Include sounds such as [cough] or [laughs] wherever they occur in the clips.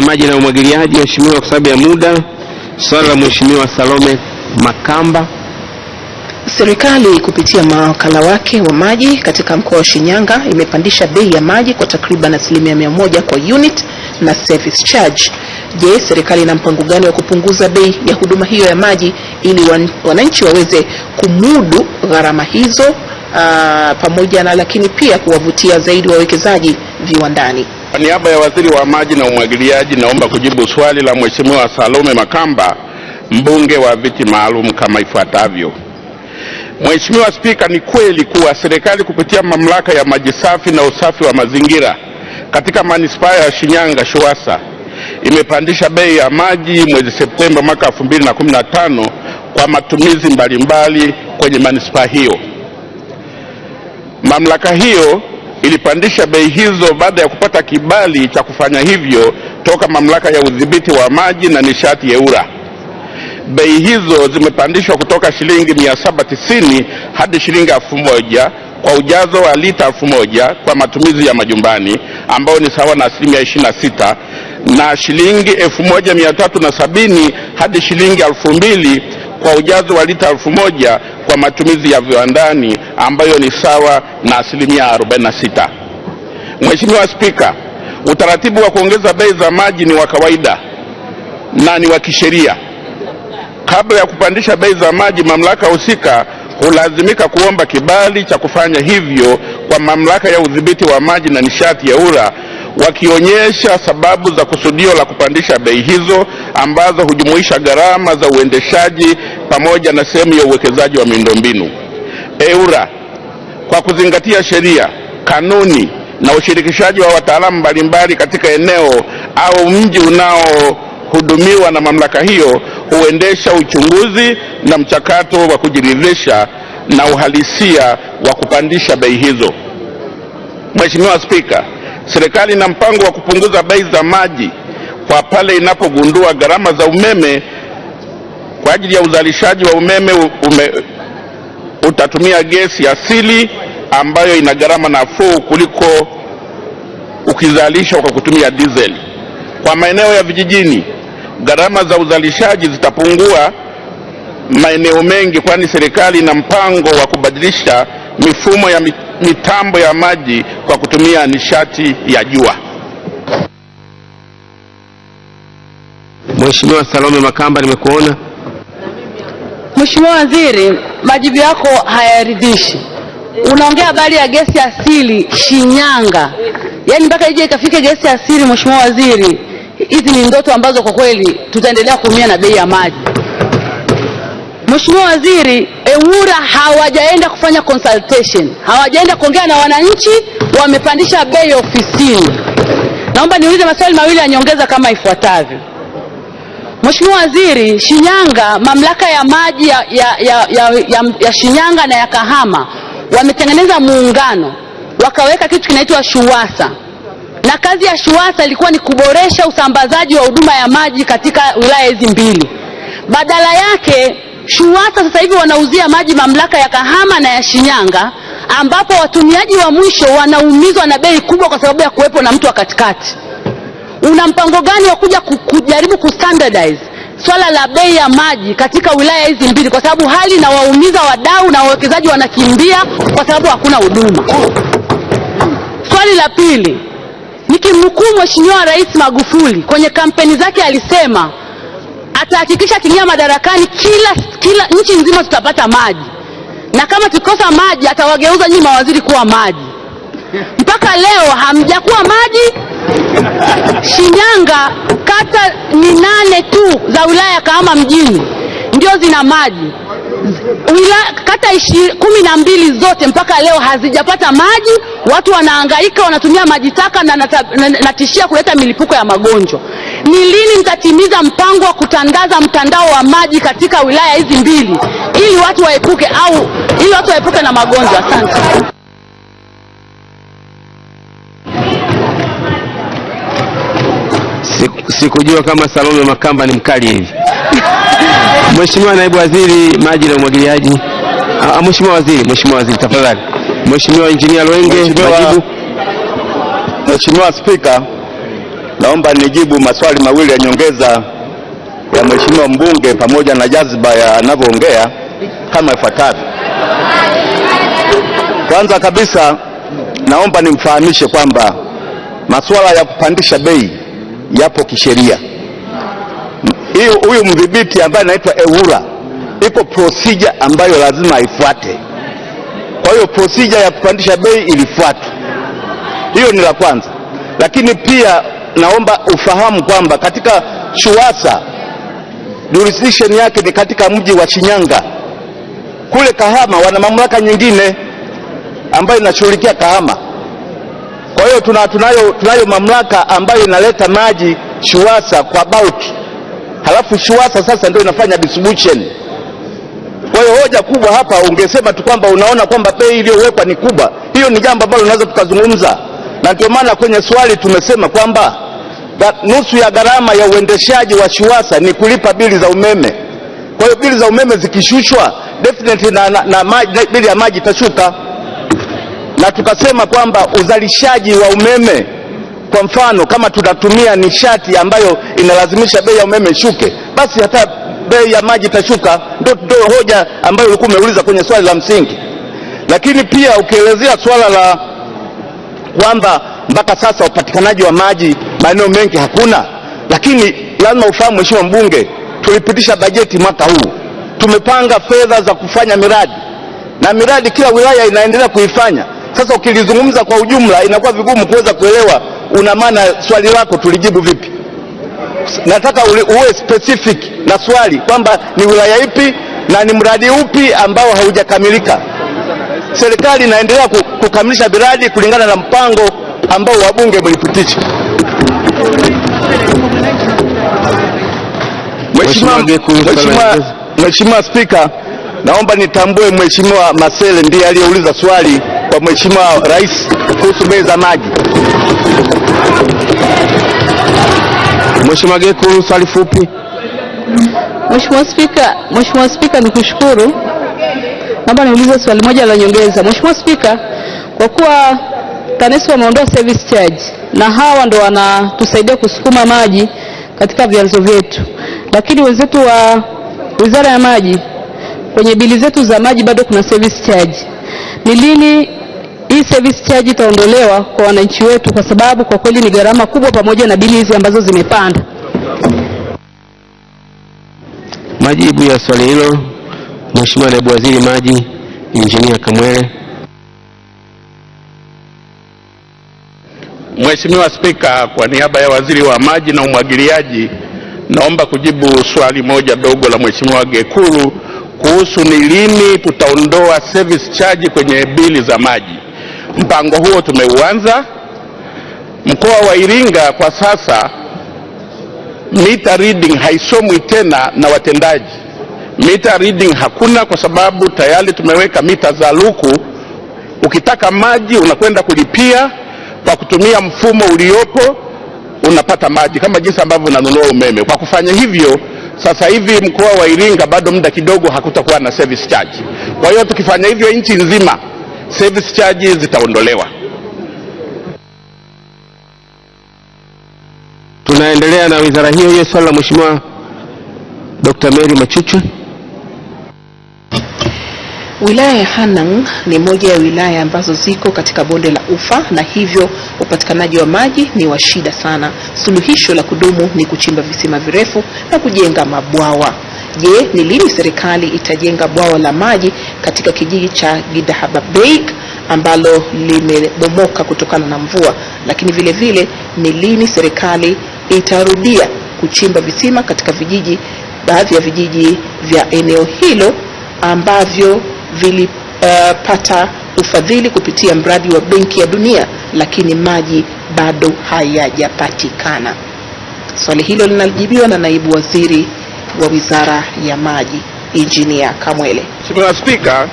maji na umwagiliaji, Mheshimiwa, kwa sababu ya muda, swala la Mheshimiwa Salome Makamba. Serikali kupitia mawakala wake wa maji katika mkoa wa Shinyanga imepandisha bei ya maji kwa takriban asilimia mia moja kwa unit na service charge. Je, serikali ina mpango gani wa kupunguza bei ya huduma hiyo ya maji ili wan, wananchi waweze kumudu gharama hizo aa, pamoja na lakini pia kuwavutia zaidi wawekezaji viwandani? Kwa niaba ya waziri wa maji na umwagiliaji, naomba kujibu swali la Mheshimiwa Salome Makamba, mbunge wa viti maalum kama ifuatavyo. Mheshimiwa Spika, ni kweli kuwa serikali kupitia mamlaka ya maji safi na usafi wa mazingira katika manispaa ya Shinyanga SHUWASA imepandisha bei ya maji mwezi Septemba mwaka 2015 kwa matumizi mbalimbali mbali kwenye manispaa hiyo. Mamlaka hiyo ilipandisha bei hizo baada ya kupata kibali cha kufanya hivyo toka mamlaka ya udhibiti wa maji na nishati EWURA. Bei hizo zimepandishwa kutoka shilingi 790 hadi shilingi 1000 kwa ujazo wa lita elfu moja kwa matumizi ya majumbani ambayo ni sawa na asilimia 26 na shilingi 1370 hadi shilingi kwa ujazo wa lita elfu moja kwa matumizi ya viwandani ambayo ni sawa na asilimia 46. Mheshimiwa Spika, utaratibu wa kuongeza bei za maji ni wa kawaida na ni wa kisheria. Kabla ya kupandisha bei za maji, mamlaka husika hulazimika kuomba kibali cha kufanya hivyo kwa mamlaka ya udhibiti wa maji na nishati ya URA wakionyesha sababu za kusudio la kupandisha bei hizo ambazo hujumuisha gharama za uendeshaji pamoja na sehemu ya uwekezaji wa miundombinu. EWURA kwa kuzingatia sheria, kanuni na ushirikishaji wa wataalamu mbalimbali katika eneo au mji unaohudumiwa na mamlaka hiyo huendesha uchunguzi na mchakato wa kujiridhisha na uhalisia wa kupandisha bei hizo. Mheshimiwa Spika, serikali ina mpango wa kupunguza bei za maji kwa pale inapogundua gharama za umeme kwa ajili ya uzalishaji wa umeme ume, utatumia gesi asili ambayo ina gharama nafuu kuliko ukizalisha kwa kutumia diesel. Kwa maeneo ya vijijini, gharama za uzalishaji zitapungua maeneo mengi, kwani serikali ina mpango wa kubadilisha mifumo ya mitambo ya maji kwa kutumia nishati ya jua. Mheshimiwa Salome Makamba, nimekuona. Mheshimiwa Waziri, majibu yako hayaridhishi. Unaongea habari ya gesi asili Shinyanga, yaani mpaka ije ikafike gesi asili. Mheshimiwa Waziri, hizi ni ndoto ambazo kwa kweli tutaendelea kuumia na bei ya maji. Mheshimiwa Waziri, EWURA hawajaenda kufanya consultation, hawajaenda kuongea na wananchi, wamepandisha bei ofisini. Naomba niulize maswali mawili ya nyongeza kama ifuatavyo. Mheshimiwa Waziri, Shinyanga, mamlaka ya maji ya, ya, ya, ya, ya, ya Shinyanga na ya Kahama wametengeneza muungano wakaweka kitu kinaitwa SHUWASA na kazi ya SHUWASA ilikuwa ni kuboresha usambazaji wa huduma ya maji katika wilaya hizi mbili. Badala yake SHUWASA sasa hivi wanauzia maji mamlaka ya Kahama na ya Shinyanga, ambapo watumiaji wa mwisho wanaumizwa na bei kubwa kwa sababu ya kuwepo na mtu wa katikati una mpango gani wa kuja kujaribu kustandardize swala la bei ya maji katika wilaya hizi mbili, kwa sababu hali inawaumiza wadau na wawekezaji wanakimbia kwa sababu hakuna huduma. Swali la pili, nikimnukuu Mheshimiwa Rais Magufuli kwenye kampeni zake alisema atahakikisha kingia madarakani kila, kila nchi nzima tutapata maji na kama tukikosa maji atawageuza nyinyi mawaziri kuwa maji. Mpaka leo hamjakuwa maji [laughs] Shinyanga kata ni nane tu za wilaya ya Kahama mjini ndio zina maji. Wila, kata kumi na mbili zote mpaka leo hazijapata maji. Watu wanaangaika wanatumia maji taka na natishia kuleta milipuko ya magonjwa. Ni lini mtatimiza mpango wa kutandaza mtandao wa maji katika wilaya hizi mbili ili watu waepuke au ili watu waepuke na magonjwa? Asante. sikujua kama Salome Makamba ni mkali hivi. [laughs] Mheshimiwa naibu waziri maji na umwagiliaji, ah, ah, Mheshimiwa waziri, Mheshimiwa waziri tafadhali, Mheshimiwa injinia Lwenge majibu. Mheshimiwa Spika, naomba nijibu maswali mawili ya nyongeza ya mheshimiwa mbunge pamoja na jazba ya anavyoongea kama ifuatavyo. Kwanza kabisa, naomba nimfahamishe kwamba masuala ya kupandisha bei yapo kisheria. Huyu mdhibiti ambaye anaitwa EWURA, ipo procedure ambayo lazima aifuate. Kwa hiyo procedure ya kupandisha bei ilifuatwa, hiyo ni la kwanza. Lakini pia naomba ufahamu kwamba katika SHUWASA jurisdiction yake ni katika mji wa Shinyanga. Kule Kahama wana mamlaka nyingine ambayo inashughulikia Kahama tuna, tunayo, tunayo mamlaka ambayo inaleta maji SHUWASA kwa bauti, halafu SHUWASA sasa ndio inafanya distribution. Kwa hiyo hoja kubwa hapa ungesema tu kwamba unaona kwamba bei iliyowekwa ni kubwa, hiyo ni jambo ambalo unaweza tukazungumza, na ndio maana kwenye swali tumesema kwamba nusu ya gharama ya uendeshaji wa SHUWASA ni kulipa bili za umeme. Kwa hiyo bili za umeme zikishushwa definitely na, na, na, na bili ya maji itashuka na tukasema kwamba uzalishaji wa umeme kwa mfano kama tutatumia nishati ambayo inalazimisha bei ya umeme ishuke, basi hata bei ya maji itashuka. Ndio hoja ambayo ulikuwa umeuliza kwenye swali la msingi. Lakini pia ukielezea swala la kwamba mpaka sasa upatikanaji wa maji maeneo mengi hakuna, lakini lazima ufahamu Mheshimiwa Mbunge, tulipitisha bajeti mwaka huu, tumepanga fedha za kufanya miradi na miradi kila wilaya inaendelea kuifanya sasa ukilizungumza kwa ujumla inakuwa vigumu kuweza kuelewa una maana swali lako tulijibu vipi. Nataka uwe specific na swali kwamba ni wilaya ipi na ni mradi upi ambao haujakamilika. Serikali inaendelea kukamilisha miradi kulingana na mpango ambao wabunge mlipitisha. Mheshimiwa Spika, naomba nitambue Mheshimiwa Masele ndiye aliyeuliza swali kwa Mheshimiwa Rais kuhusu bei za maji. Mheshimiwa Geku, swali fupi. Mheshimiwa Spika, Mheshimiwa Spika nikushukuru. Naomba niulize swali moja la nyongeza. Mheshimiwa Spika, kwa kuwa TANESCO wameondoa service charge na hawa ndo wanatusaidia kusukuma maji katika vyanzo vyetu, lakini wenzetu wa Wizara ya Maji kwenye bili zetu za maji bado kuna service charge. Ni lini hii service charge itaondolewa kwa wananchi wetu, kwa sababu kwa kweli ni gharama kubwa, pamoja na bili hizi ambazo zimepanda. Majibu ya swali hilo, Mheshimiwa Naibu Waziri Maji Injinia Kamwele. Mheshimiwa Spika, kwa niaba ya Waziri wa Maji na Umwagiliaji, naomba kujibu swali moja dogo la Mheshimiwa Gekuru kuhusu ni lini tutaondoa service charge kwenye bili za maji. Mpango huo tumeuanza mkoa wa Iringa. Kwa sasa meter reading haisomwi tena na watendaji, meter reading hakuna, kwa sababu tayari tumeweka mita za luku. Ukitaka maji unakwenda kulipia kwa kutumia mfumo uliopo, unapata maji kama jinsi ambavyo unanunua umeme. Kwa kufanya hivyo sasa hivi mkoa wa Iringa bado muda kidogo hakutakuwa na service charge. Kwa hiyo tukifanya hivyo nchi nzima service charges zitaondolewa. Tunaendelea na wizara hiyo hiyo. Swali la Mheshimiwa Dr. Mary Machuchu. Wilaya ya Hanang ni moja ya wilaya ambazo ziko katika bonde la ufa na hivyo upatikanaji wa maji ni wa shida sana. Suluhisho la kudumu ni kuchimba visima virefu na kujenga mabwawa. Je, ni lini serikali itajenga bwawa la maji katika kijiji cha Gidahababeik ambalo limebomoka kutokana na mvua? Lakini vile vile ni lini serikali itarudia kuchimba visima katika vijiji, baadhi ya vijiji vya eneo hilo ambavyo vilipata uh, ufadhili kupitia mradi wa Benki ya Dunia, lakini maji bado hayajapatikana. Swali hilo linajibiwa na naibu waziri wa Wizara ya Maji Injinia Kamwele. Mheshimiwa Spika,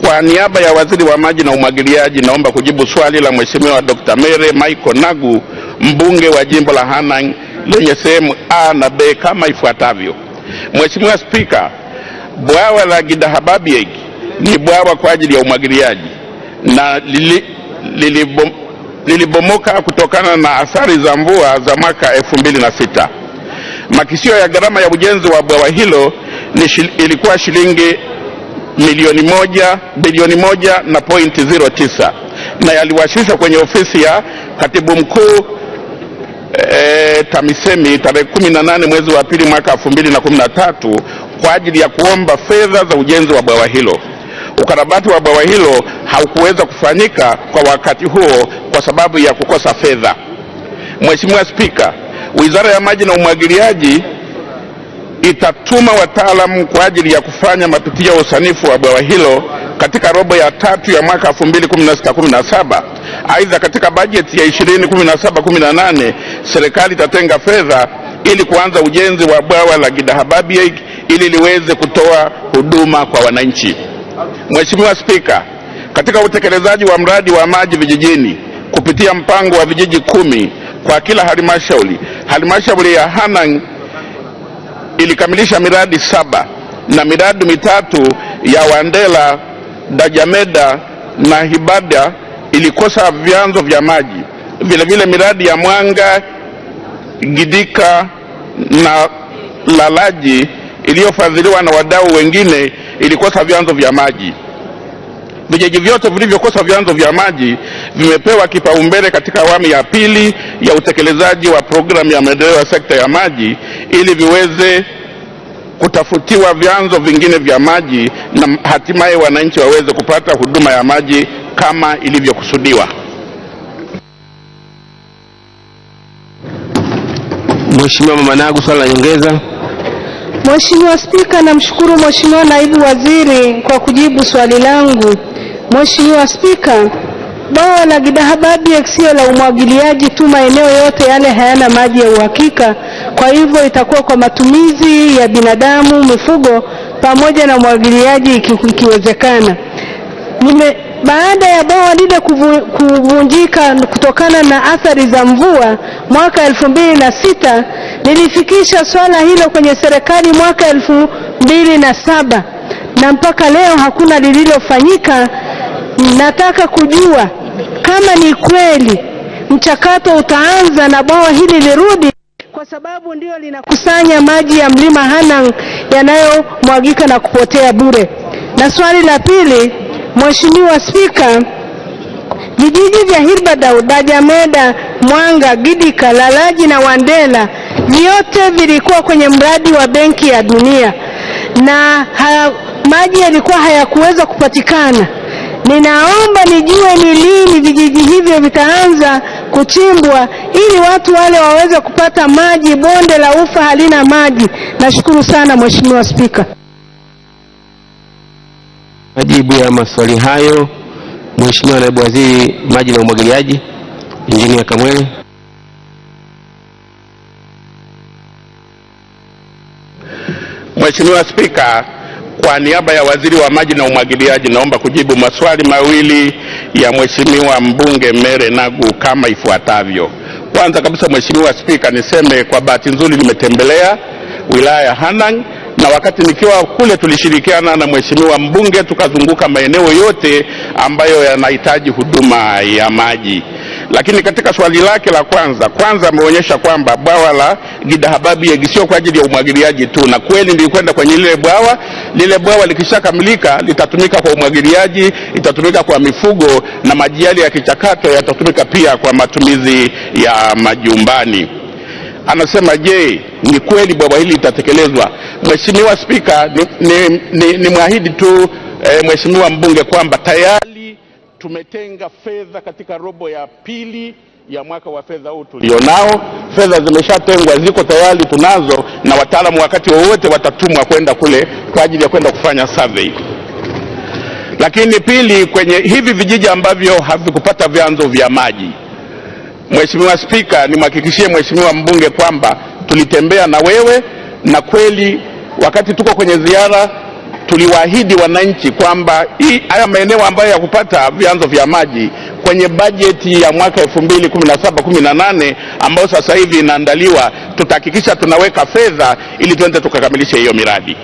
kwa niaba ya Waziri wa Maji na Umwagiliaji naomba kujibu swali la Mheshimiwa Dr. Mere Michael Nagu mbunge wa jimbo la Hanang lenye sehemu A na B kama ifuatavyo. Mheshimiwa Spika, bwawa la Gidahababieg ni bwawa kwa ajili ya umwagiliaji na lilibomoka lili bom, lilibomoka kutokana na athari za mvua za mwaka 2006. Makisio ya gharama ya ujenzi wa bwawa hilo ilikuwa shilingi milioni moja bilioni moja na point zero tisa na yaliwasilishwa kwenye ofisi ya katibu mkuu e, TAMISEMI tarehe 18 mwezi wa pili mwaka tatu kwa ajili ya kuomba fedha za ujenzi wa bwawa hilo. Ukarabati wa bwawa hilo haukuweza kufanyika kwa wakati huo kwa sababu ya kukosa fedha. Mheshimiwa Spika, Wizara ya Maji na Umwagiliaji itatuma wataalamu kwa ajili ya kufanya mapitio ya usanifu wa bwawa hilo katika robo ya tatu ya mwaka 2016 2017 Aidha, katika bajeti ya 2017 2018 serikali itatenga fedha ili kuanza ujenzi wa bwawa la Gidahababi ili liweze kutoa huduma kwa wananchi. Mheshimiwa Spika, katika utekelezaji wa mradi wa maji vijijini kupitia mpango wa vijiji kumi kwa kila halmashauri. Halmashauri ya Hanang ilikamilisha miradi saba na miradi mitatu ya Wandela, Dajameda na Hibada ilikosa vyanzo vya maji. Vilevile miradi ya Mwanga, Gidika na Lalaji iliyofadhiliwa na wadau wengine ilikosa vyanzo vya maji. Vijiji vyote vilivyokosa vyanzo vya maji vimepewa kipaumbele katika awamu ya pili ya utekelezaji wa programu ya maendeleo ya sekta ya maji ili viweze kutafutiwa vyanzo vingine vya maji na hatimaye wananchi waweze kupata huduma ya maji kama ilivyokusudiwa. Mheshimiwa Mama Nagu, swali la nyongeza. Mheshimiwa Spika, namshukuru Mheshimiwa Naibu Waziri kwa kujibu swali langu. Mheshimiwa Spika, bwawa la Gidahabadi sio la umwagiliaji tu, maeneo yote yale hayana maji ya uhakika, kwa hivyo itakuwa kwa matumizi ya binadamu, mifugo pamoja na umwagiliaji ikiwezekana. Nime baada ya bwawa lile kuvunjika kutokana na athari za mvua mwaka elfu mbili na sita lilifikisha swala hilo kwenye serikali mwaka elfu mbili na saba na mpaka leo hakuna lililofanyika. Nataka kujua kama ni kweli mchakato utaanza na bwawa hili lirudi, kwa sababu ndio linakusanya maji ya mlima Hanang yanayomwagika na kupotea bure. Na swali la pili Mheshimiwa Spika, vijiji vya Hirbadau, Dajameda, Mwanga, Gidika, Lalaji na Wandela vyote vilikuwa kwenye mradi wa Benki ya Dunia na haya, maji yalikuwa hayakuweza kupatikana. Ninaomba nijue ni lini vijiji hivyo vitaanza kuchimbwa ili watu wale waweze kupata maji. Bonde la Ufa halina maji. Nashukuru sana Mheshimiwa Spika majibu ya maswali hayo Mheshimiwa Naibu Waziri Maji na Umwagiliaji Injinia Kamwele. Mheshimiwa Spika, kwa niaba ya Waziri wa Maji na Umwagiliaji naomba kujibu maswali mawili ya Mheshimiwa mbunge Mere Nagu kama ifuatavyo. Kwanza kabisa, Mheshimiwa Spika, niseme kwa bahati nzuri nimetembelea wilaya ya Hanang na wakati nikiwa kule tulishirikiana na mheshimiwa mbunge tukazunguka maeneo yote ambayo yanahitaji huduma ya maji. Lakini katika swali lake la kwanza, kwanza ameonyesha kwamba bwawa la Gidahababiegi sio kwa ajili ya umwagiliaji tu, na kweli nilikwenda kwenye lile bwawa. Lile bwawa likishakamilika litatumika kwa umwagiliaji, itatumika kwa mifugo, na maji yale kichakato yatatumika pia kwa matumizi ya majumbani anasema je, ni kweli bwawa hili litatekelezwa? Mheshimiwa Spika, nimwahidi ni, ni, ni tu eh, Mheshimiwa mbunge kwamba tayari tumetenga fedha katika robo ya pili ya mwaka wa fedha huu tulionao. Fedha zimeshatengwa ziko tayari, tunazo na wataalamu wakati wowote watatumwa kwenda kule kwa ajili ya kwenda kufanya survey. Lakini pili, kwenye hivi vijiji ambavyo havikupata vyanzo vya maji Mheshimiwa Spika, nimhakikishie Mheshimiwa mbunge kwamba tulitembea na wewe na kweli, wakati tuko kwenye ziara tuliwaahidi wananchi kwamba haya maeneo ambayo ya kupata vyanzo vya maji kwenye bajeti ya mwaka 2017 18 ambayo sasa hivi inaandaliwa tutahakikisha tunaweka fedha ili tuende tukakamilishe hiyo miradi.